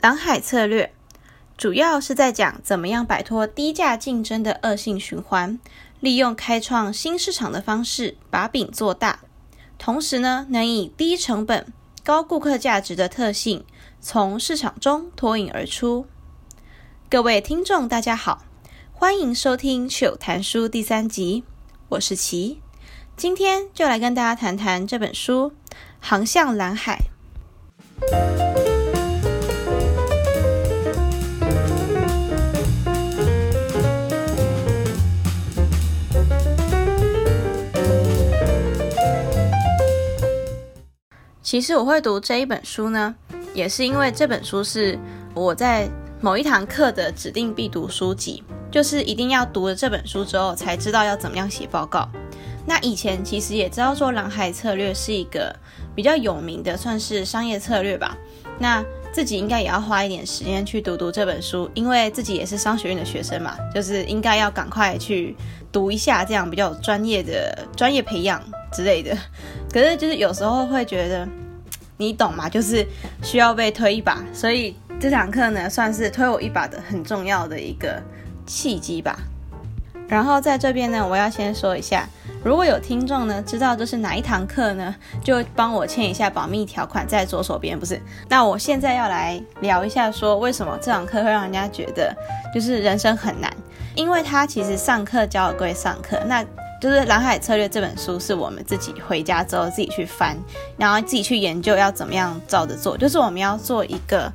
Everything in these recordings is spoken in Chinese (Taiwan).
藍海策略主要是在講怎麼樣擺脫低價競爭的惡性循環，利用開創新市場的方式把餅做大，同時呢能以低成本、高顧客價值的特性從市場中脫穎而出。各位聽眾，大家好，歡迎收聽《糗談書》第三集，我是齊，今天就來跟大家談談這本書《航向藍海》。其實我會讀這一本書呢，也是因為這本書是我在某一堂課的指定必讀書籍，就是一定要讀了這本書之後才知道要怎麼樣寫報告。那以前其實也知道做藍海策略是一個比較有名的，算是商業策略吧。那自己應該也要花一點時間去讀讀這本書，因為自己也是商學院的學生嘛，就是應該要趕快去讀一下，這樣比較專業的專業培養。之類的，可是就是有時候會覺得，你懂嗎？就是需要被推一把，所以這堂課呢算是推我一把的很重要的一個契機吧。然後在這邊呢，我要先說一下，如果有聽眾呢知道這是哪一堂課呢，就幫我簽一下保密條款，在左手邊不是？那我現在要來聊一下說，說為什麼這堂課會讓人家覺得就是人生很難，因為他其實上課教的歸上課，那。就是藍海策略這本書是我們自己回家之後，自己去翻，然後自己去研究要怎麼樣照着做。就是我們要做一個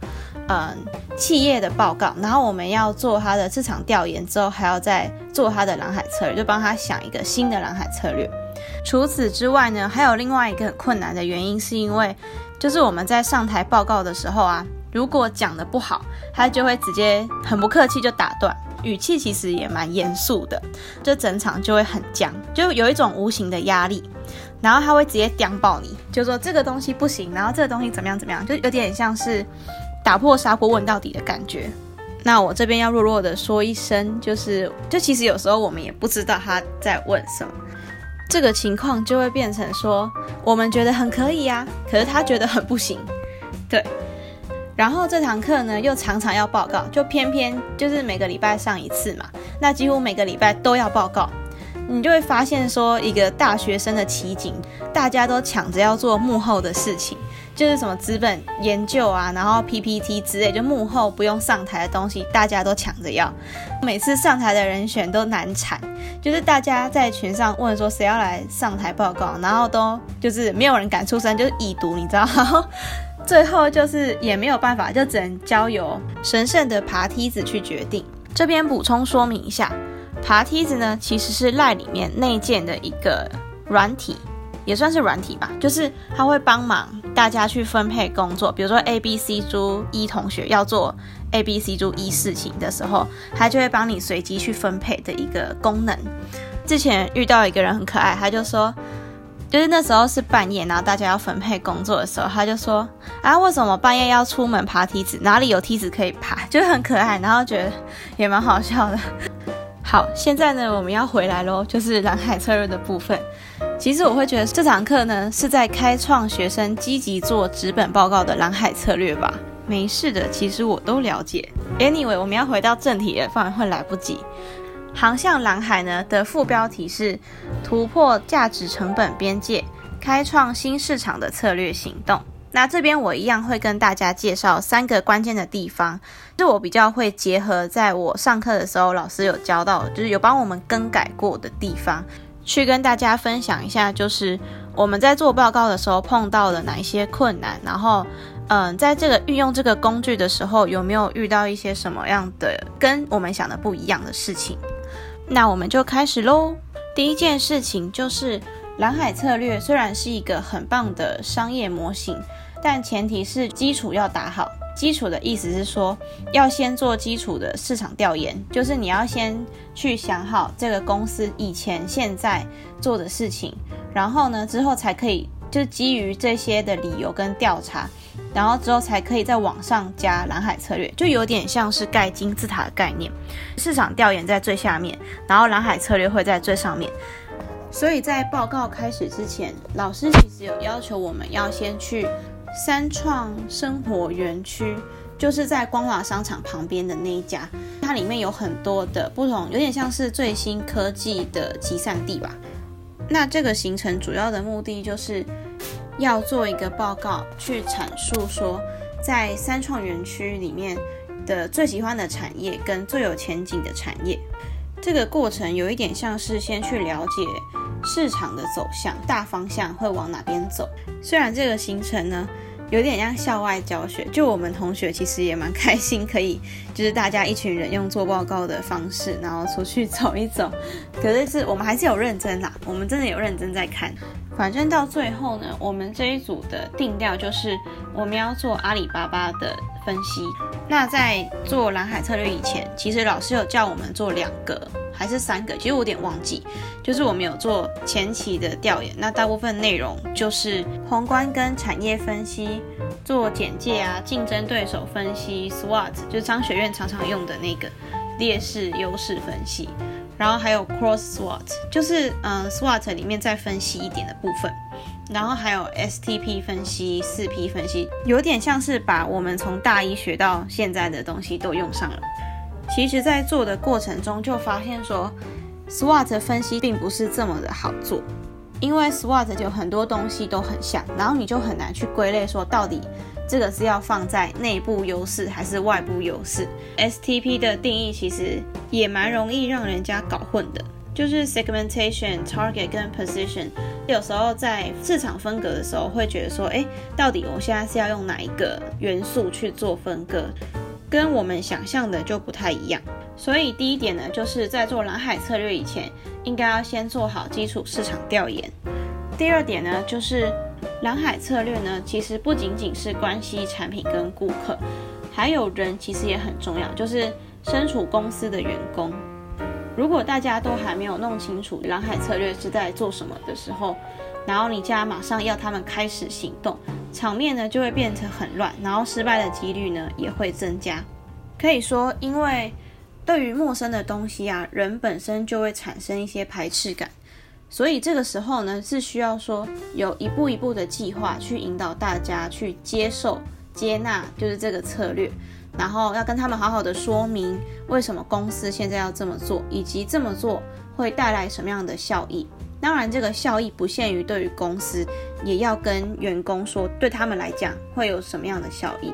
嗯企業的報告，然後我們要做他的市場調研之後，還要再做他的藍海策略，就幫他想一個新的藍海策略。除此之外呢，還有另外一個很困難的原因是因為，就是我們在上台報告的時候啊，如果講得不好，他就會直接很不客氣就打斷。語氣其實也蠻嚴肅的，就整場就會很僵，就有一種無形的壓力，然後他會直接刁爆你，就說這個東西不行，然後這個東西怎麼樣怎麼樣，就有點像是打破砂鍋問到底的感覺。那我這邊要弱弱的說一聲，就是就其實有時候我們也不知道他在問什麼，這個情況就會變成說我們覺得很可以啊，可是他覺得很不行，對。然後這堂課呢，又常常要報告，就偏偏就是每個禮拜上一次嘛，那幾乎每個禮拜都要報告，你就會發現說一個大學生的奇景，大家都搶着要做幕後的事情，就是什麼資本研究啊，然後 PPT 之類，就幕後不用上台的東西，大家都搶着要，每次上台的人選都難產，就是大家在群上問說誰要來上台報告，然後都就是沒有人敢出聲，就是已讀你知道。呵呵最後就是也沒有辦法，就只能交由神聖的爬梯子去決定。這邊補充說明一下，爬梯子呢其實是 Line 裡面內建的一個軟體，也算是軟體吧，就是它會幫忙大家去分配工作。比如說 A B C 珠一、e、同學要做 A B C 珠一、e、事情的時候，它就會幫你隨機去分配的一個功能。之前遇到一個人很可愛，他就說。就是那時候是半夜，然後大家要分配工作的時候，他就說：“啊，為什麼半夜要出門爬梯子？哪裡有梯子可以爬？”就很可愛，然後覺得也蠻好笑的。好，現在呢，我們要回來咯，就是藍海策略的部分。其實我會覺得這堂課呢，是在開創學生積極做紙本報告的藍海策略吧。沒事的，其實我都了解。Anyway，我們要回到正題了，不然會來不及。航向藍海呢的副標題是突破價值成本邊界，開創新市場的策略行動。那這邊我一樣會跟大家介紹三個關鍵的地方，就是我比較會結合在我上課的時候老師有教到，就是有幫我們更改過的地方，去跟大家分享一下，就是我們在做報告的時候碰到了哪一些困難，然後嗯，在這個運用這個工具的時候，有沒有遇到一些什麼樣的跟我們想的不一樣的事情？那我們就開始嘍。第一件事情就是，藍海策略雖然是一個很棒的商業模型，但前提是基礎要打好。基礎的意思是說，要先做基礎的市場調研，就是你要先去想好這個公司以前、現在做的事情，然後呢，之後才可以，就基於這些的理由跟調查。然後之後才可以再往上加藍海策略，就有點像是蓋金字塔的概念，市場調研在最下面，然後藍海策略會在最上面。所以在報告開始之前，老師其實有要求我們要先去三創生活園區，就是在光華商場旁邊的那一家，它裡面有很多的不同，有點像是最新科技的集散地吧。那這個行程主要的目的就是，要做一個報告去闡述說，在三創園區裡面的最喜歡的產業跟最有前景的產業，這個過程有一點像是先去了解市場的走向，大方向會往哪邊走。雖然這個行程呢，有點像校外教學，就我們同學其實也蠻開心，可以就是大家一群人用做報告的方式，然後出去走一走。可是我們還是有認真啦，我們真的有認真在看。反正到最後呢，我們這一組的定調就是我們要做阿里巴巴的分析。那在做藍海策略以前，其實老師有叫我們做兩個還是三個，其實我有點忘記。就是我們有做前期的調研，那大部分內容就是宏觀跟產業分析，做簡介啊，競爭對手分析，SWOT，就是商學院常常用的那個劣勢優勢分析。然後還有 cross SWAT，就是嗯、呃、SWAT 裡面再分析一點的部分，然後還有 STP 分析、四 P 分析，有點像是把我們從大一學到現在的東西都用上了。其實，在做的過程中就發現說，SWAT 分析並不是這麼的好做，因為 SWAT 有很多東西都很像，然後你就很難去歸類說到底。這個是要放在內部優勢還是外部優勢？STP 的定義其實也蠻容易讓人家搞混的，就是 segmentation、target 跟 position，有時候在市場分割的時候會覺得說，哎，到底我現在是要用哪一個元素去做分割，跟我們想象的就不太一樣。所以第一點呢，就是在做藍海策略以前，應該要先做好基礎市場調研。第二點呢，就是。藍海策略呢，其實不僅僅是關係產品跟顧客，還有人其實也很重要，就是身處公司的員工。如果大家都還沒有弄清楚藍海策略是在做什麼的時候，然後你家馬上要他們開始行動，場面呢就會變成很亂，然後失敗的幾率呢也會增加。可以說，因為對於陌生的東西啊，人本身就會產生一些排斥感。所以這個時候呢，是需要說有一步一步的計劃去引導大家去接受、接納，就是這個策略。然後要跟他們好好的說明，為什麼公司現在要這麼做，以及這麼做會帶來什麼樣的效益。當然，這個效益不限於對於公司，也要跟員工說，對他們來講會有什麼樣的效益。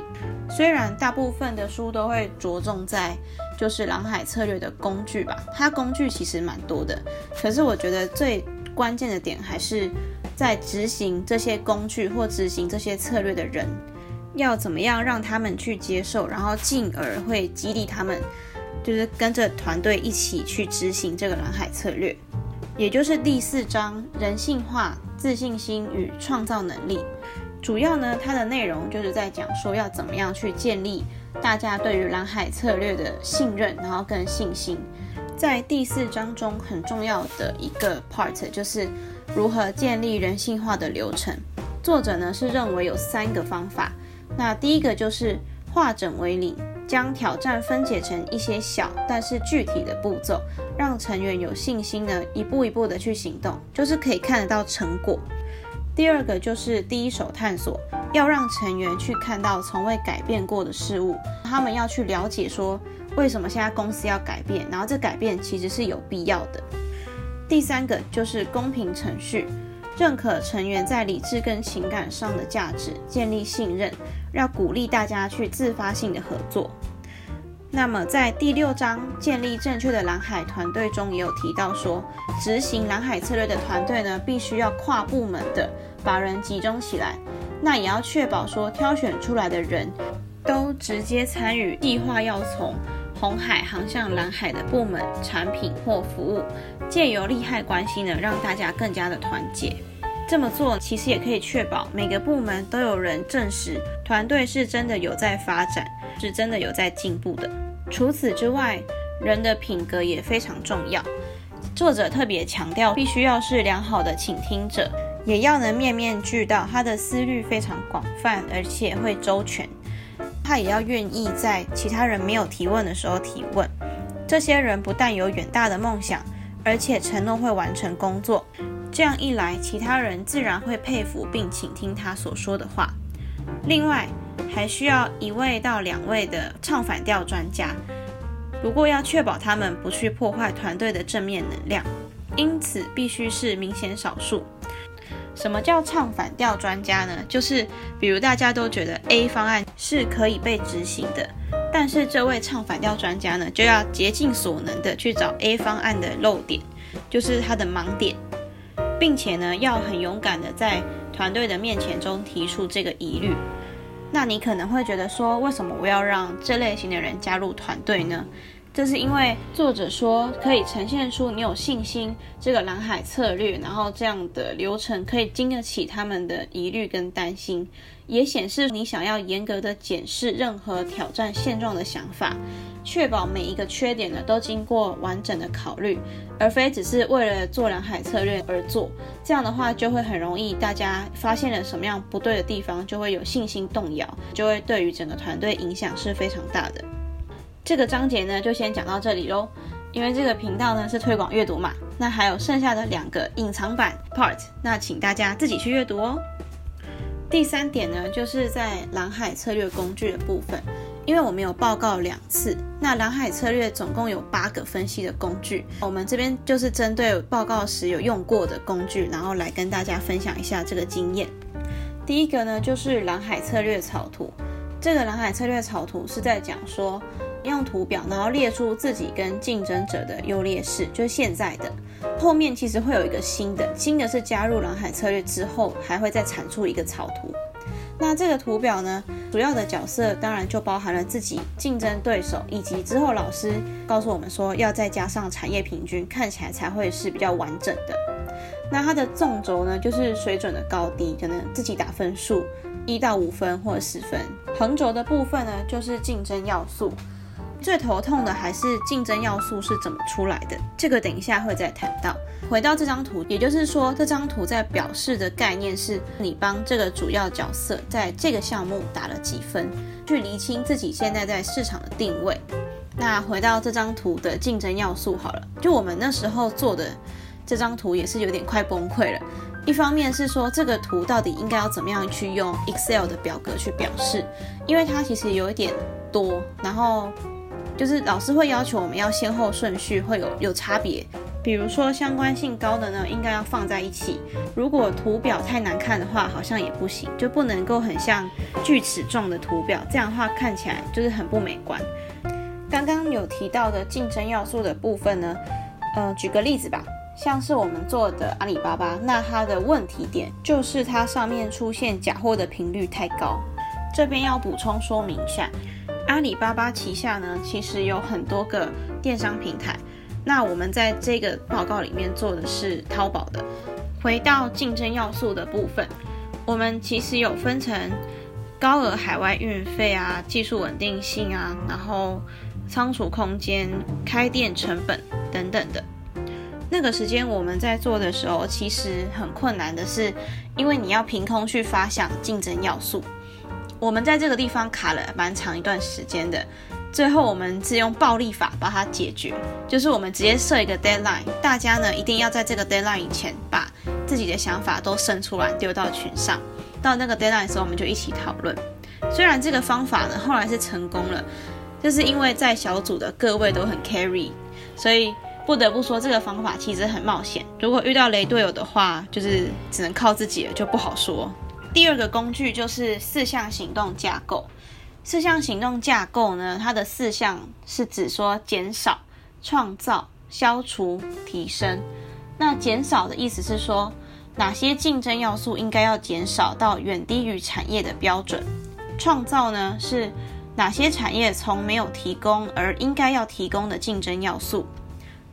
雖然大部分的書都會着重在就是藍海策略的工具吧，它工具其實蠻多的。可是我覺得最關鍵的點還是在執行這些工具或執行這些策略的人，要怎麼樣讓他們去接受，然後進而會激勵他們，就是跟着團隊一起去執行這個藍海策略。也就是第四章，人性化、自信心與創造能力，主要呢，它的內容就是在講說要怎麼樣去建立大家對於藍海策略的信任，然後跟信心。在第四章中很重要的一個 part 就是如何建立人性化的流程。作者呢是認為有三個方法，那第一個就是化整為零。將挑戰分解成一些小但是具體的步驟，讓成員有信心地一步一步的去行動，就是可以看得到成果。第二個就是第一手探索，要讓成員去看到從未改變過的事物，他們要去了解說，為什麼現在公司要改變，然後這改變其實是有必要的。第三個就是公平程序。認可成員在理智跟情感上的價值，建立信任，要鼓勵大家去自發性的合作。那麼在第六章建立正確的藍海團隊中也有提到說，執行藍海策略的團隊呢，必須要跨部門的把人集中起來，那也要確保說挑選出來的人都直接參與計劃，要從。紅海航向藍海的部門、產品或服務，借由利害關係呢，讓大家更加的團結。這麼做其實也可以確保每個部門都有人證實，團隊是真的有在發展，是真的有在進步的。除此之外，人的品格也非常重要。作者特別強調，必須要是良好的傾聽者，也要能面面俱到，他的思慮非常廣泛，而且會周全。他也要願意在其他人沒有提問的時候提問。這些人不但有遠大的夢想，而且承諾會完成工作。這樣一來，其他人自然會佩服並傾聽他所說的話。另外，還需要一位到兩位的唱反調專家，不過要確保他們不去破壞團隊的正面能量，因此必須是明顯少數。什麼叫唱反調專家呢？就是比如大家都覺得 A 方案是可以被執行的，但是這位唱反調專家呢，就要竭盡所能的去找 A 方案的漏點，就是他的盲點，並且呢，要很勇敢的在團隊的面前中提出這個疑慮。那你可能會覺得說，為什麼我要讓這類型的人加入團隊呢？這是因為作者說，可以呈現出你有信心這個藍海策略，然後這樣的流程可以經得起他們的疑慮跟擔心，也顯示你想要嚴格的檢視任何挑戰現狀的想法，確保每一個缺點呢都經過完整的考慮，而非只是為了做藍海策略而做。這樣的話就會很容易大家發現了什麼樣不對的地方，就會有信心動搖，就會對於整個團隊影響是非常大的。這個章節呢，就先講到這裡嘍。因為這個頻道呢是推廣閱讀嘛，那還有剩下的兩個隱藏版 part，那請大家自己去閱讀哦。第三點呢，就是在藍海策略工具的部分，因為我們有報告兩次，那藍海策略總共有八個分析的工具，我們這邊就是針對報告時有用過的工具，然後來跟大家分享一下這個經驗。第一個呢，就是藍海策略草圖，這個藍海策略草圖是在講說。用圖表，然後列出自己跟競爭者的優劣勢，就是現在的。後面其實會有一個新的，新的是加入藍海策略之後，還會再產出一個草圖。那這個圖表呢，主要的角色當然就包含了自己、競爭對手，以及之後老師告訴我們說要再加上產業平均，看起來才會是比較完整的。那它的縱軸呢，就是水準的高低，可能自己打分數，一到五分或者十分。橫軸的部分呢，就是競爭要素。最頭痛的還是競爭要素是怎麼出來的，這個等一下會再談到。回到這張圖，也就是說，這張圖在表示的概念是，你幫這個主要角色在這個項目打了幾分，去釐清自己現在在市場的定位。那回到這張圖的競爭要素好了，就我們那時候做的這張圖也是有點快崩潰了。一方面是說，這個圖到底應該要怎麼樣去用 Excel 的表格去表示，因為它其實有一點多，然後。就是老師會要求我們要先後順序會有有差別，比如說相關性高的呢，應該要放在一起。如果圖表太難看的話，好像也不行，就不能夠很像鋸齒狀的圖表，這樣的話看起來就是很不美觀。剛剛有提到的競爭要素的部分呢，呃，舉個例子吧，像是我們做的阿里巴巴，那它的問題點就是它上面出現假貨的頻率太高。這邊要補充說明一下。阿里巴巴旗下呢，其實有很多個電商平台。那我們在這個報告裡面做的是淘寶的。回到競爭要素的部分，我們其實有分成高額海外運費啊、技術穩定性啊、然後倉儲空間、開店成本等等的。那個時間我們在做的時候，其實很困難的是，因為你要憑空去發想競爭要素。我們在這個地方卡了蠻長一段時間的，最後我們是用暴力法把它解決，就是我們直接設一個 deadline，大家呢一定要在這個 deadline 以前把自己的想法都生出來丟到群上，到那個 deadline 的時候我們就一起討論。雖然這個方法呢後來是成功了，就是因為在小組的各位都很 carry，所以不得不說這個方法其實很冒險，如果遇到雷隊友的話，就是只能靠自己了，就不好說。第二個工具就是四項行動架構。四項行動架構呢，它的四項是指說減少、創造、消除、提升。那減少的意思是說，哪些競爭要素應該要減少到遠低於產業的標準？創造呢，是哪些產業從沒有提供而應該要提供的競爭要素？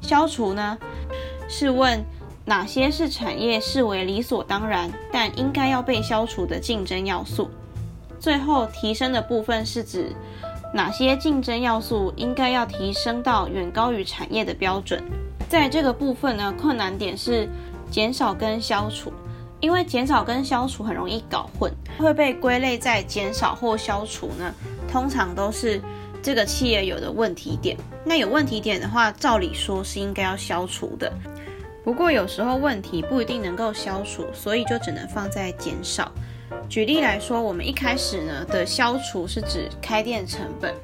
消除呢，是問，哪些是產業視為理所當然，但應該要被消除的競爭要素？最後提升的部分是指哪些競爭要素應該要提升到遠高於產業的標準？在這個部分呢，困難點是減少跟消除，因為減少跟消除很容易搞混，會被歸類在減少或消除呢，通常都是這個企業有的問題點。那有問題點的話，照理說是應該要消除的。不過有時候問題不一定能夠消除，所以就只能放在減少。舉例來說，我們一開始呢的消除是指開店成本，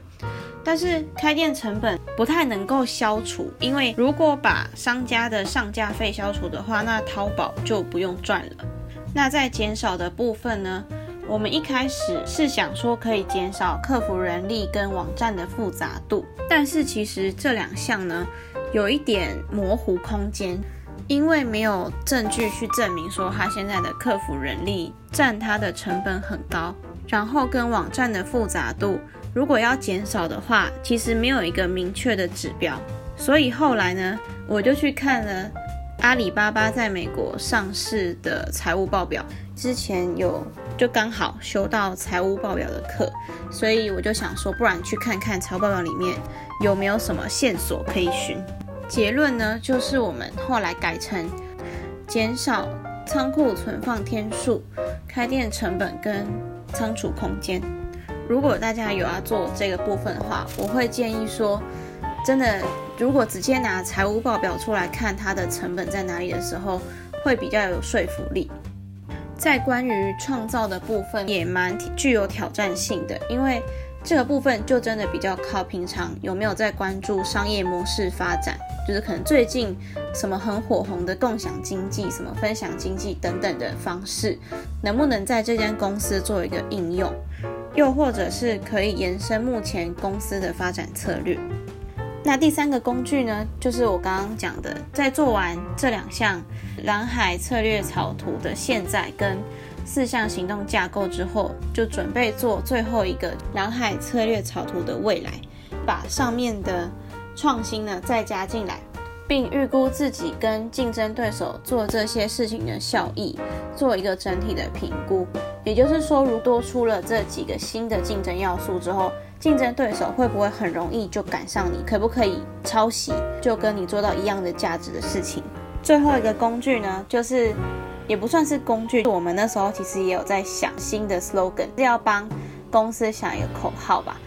但是開店成本不太能夠消除，因為如果把商家的上架費消除的話，那淘寶就不用賺了。那在減少的部分呢，我們一開始是想說可以減少客服人力跟網站的複雜度，但是其實這兩項呢有一點模糊空間。因為沒有證據去證明說他現在的客服人力佔他的成本很高，然後跟網站的複雜度，如果要減少的話，其實沒有一個明確的指標。所以後來呢，我就去看了阿里巴巴在美國上市的財務報表。之前有就剛好修到財務報表的課，所以我就想說，不然去看看財務報表裡面有沒有什麼線索可以尋。結論呢，就是我們後來改成減少倉庫存放天數、開店成本跟倉儲空間。如果大家有要做這個部分的話，我會建議說，真的，如果直接拿財務報表出來看它的成本在哪裡的時候，會比較有說服力。在關於創造的部分也蠻具有挑戰性的，因為這個部分就真的比較靠平常有沒有在關注商業模式發展，就是可能最近什麼很火紅的共享經濟、什麼分享經濟等等的方式，能不能在這間公司做一個應用，又或者是可以延伸目前公司的發展策略。那第三個工具呢，就是我剛剛講的，在做完這兩項藍海策略草圖的現在跟四項行動架構之後，就準備做最後一個藍海策略草圖的未來，把上面的創新呢再加進來，並預估自己跟競爭對手做這些事情的效益，做一個整體的評估。也就是說，如多出了這幾個新的競爭要素之後，競爭對手會不會很容易就趕上你？可不可以抄襲，就跟你做到一樣的價值的事情？最後一個工具呢，就是。也不算是工具。我們那時候其實也有在想新的 slogan，是要幫公司想一個口號吧。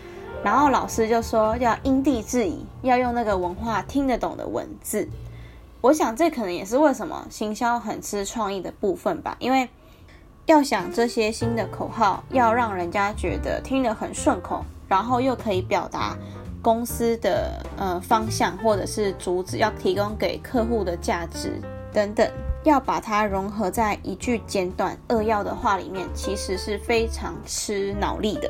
然後老師就說要因地制宜，要用那個文化聽得懂的文字。我想這可能也是為什麼行銷很吃創意的部分吧，因為要想這些新的口號，要讓人家覺得聽得很順口，然後又可以表達公司的、呃、方向或者是主旨，要提供給客戶的價值等等。要把它融合在一句簡短扼要的話裡面，其實是非常吃腦力的。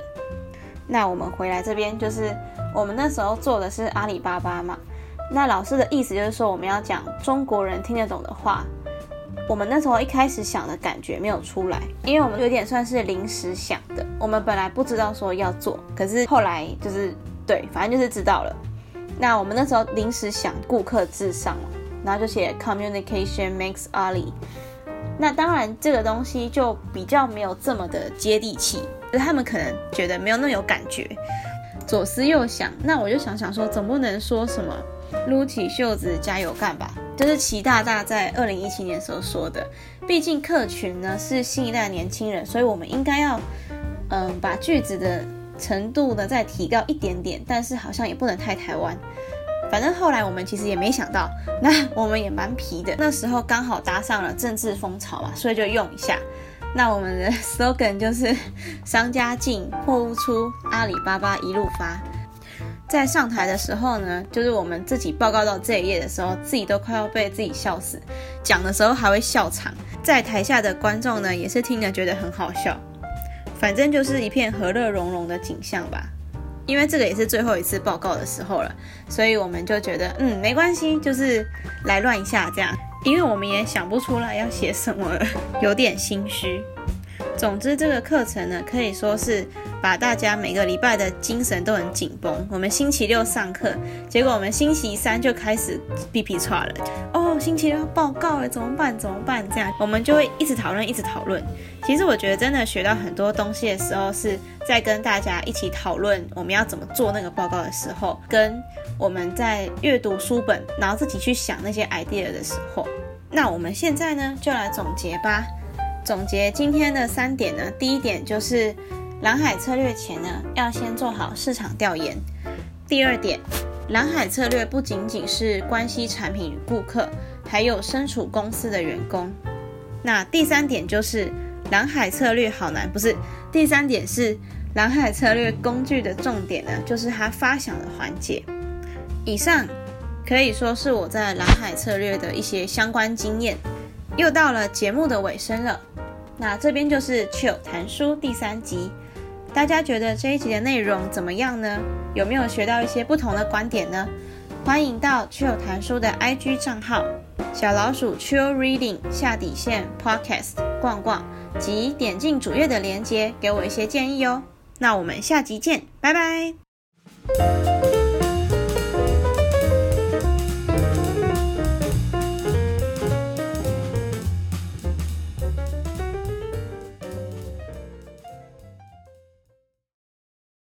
那我們回來這邊，就是我們那時候做的是阿里巴巴嘛。那老師的意思就是說，我們要講中國人聽得懂的話。我們那時候一開始想的感覺沒有出來，因為我們有點算是臨時想的。我們本來不知道說要做，可是後來就是對，反正就是知道了。那我們那時候臨時想，顧客至上。然後就寫 communication makes Ali。那當然，這個東西就比較沒有這麼的接地氣，就是他們可能覺得沒有那麼有感覺。左思右想，那我就想想說，總不能說什麼擼起袖子加油幹吧？就是齊大大在二零一七年時候說的。畢竟客群呢是新一代年輕人，所以我們應該要嗯把句子的程度呢再提高一點點，但是好像也不能太台灣。反正後來我們其實也沒想到，那我們也蠻皮的。那時候剛好搭上了政治風潮嘛，所以就用一下。那我們的 slogan 就是“商家進，貨物出，阿里巴巴一路發”。在上台的時候呢，就是我們自己報告到這一頁的時候，自己都快要被自己笑死。講的時候還會笑場，在台下的觀眾呢，也是聽了覺得很好笑。反正就是一片和樂融融的景象吧。因為這個也是最後一次報告的時候了，所以我們就覺得，嗯，沒關係，就是來亂一下這樣。因為我們也想不出來要寫什麼了，有點心虛。總之，這個課程呢，可以說是把大家每個禮拜的精神都很緊繃。我們星期六上課，結果我們星期三就開始皮皮剉了。哦，星期六報告了，怎麼辦？怎麼辦？這樣我們就會一直討論，一直討論。其實我覺得，真的學到很多東西的時候，是在跟大家一起討論我們要怎麼做那個報告的時候，跟我們在閱讀書本，然後自己去想那些 idea 的時候。那我們現在呢，就來總結吧。總結今天的三點呢，第一點就是藍海策略前呢，要先做好市場調研。第二點，藍海策略不僅僅是關係產品與顧客，還有身處公司的員工。那第三點就是藍海策略好難，不是？第三點是藍海策略工具的重點呢，就是它發想的環節。以上可以說是我在藍海策略的一些相關經驗。又到了節目的尾聲了。那這邊就是 Chill 談書第三集，大家覺得這一集的內容怎麼樣呢？有沒有學到一些不同的觀點呢？歡迎到 Chill 談書的 IG 賬號小老鼠 Chill Reading 下底線 Podcast 逛逛，及點進主頁的鏈接，給我一些建議哦。那我們下集見，拜拜。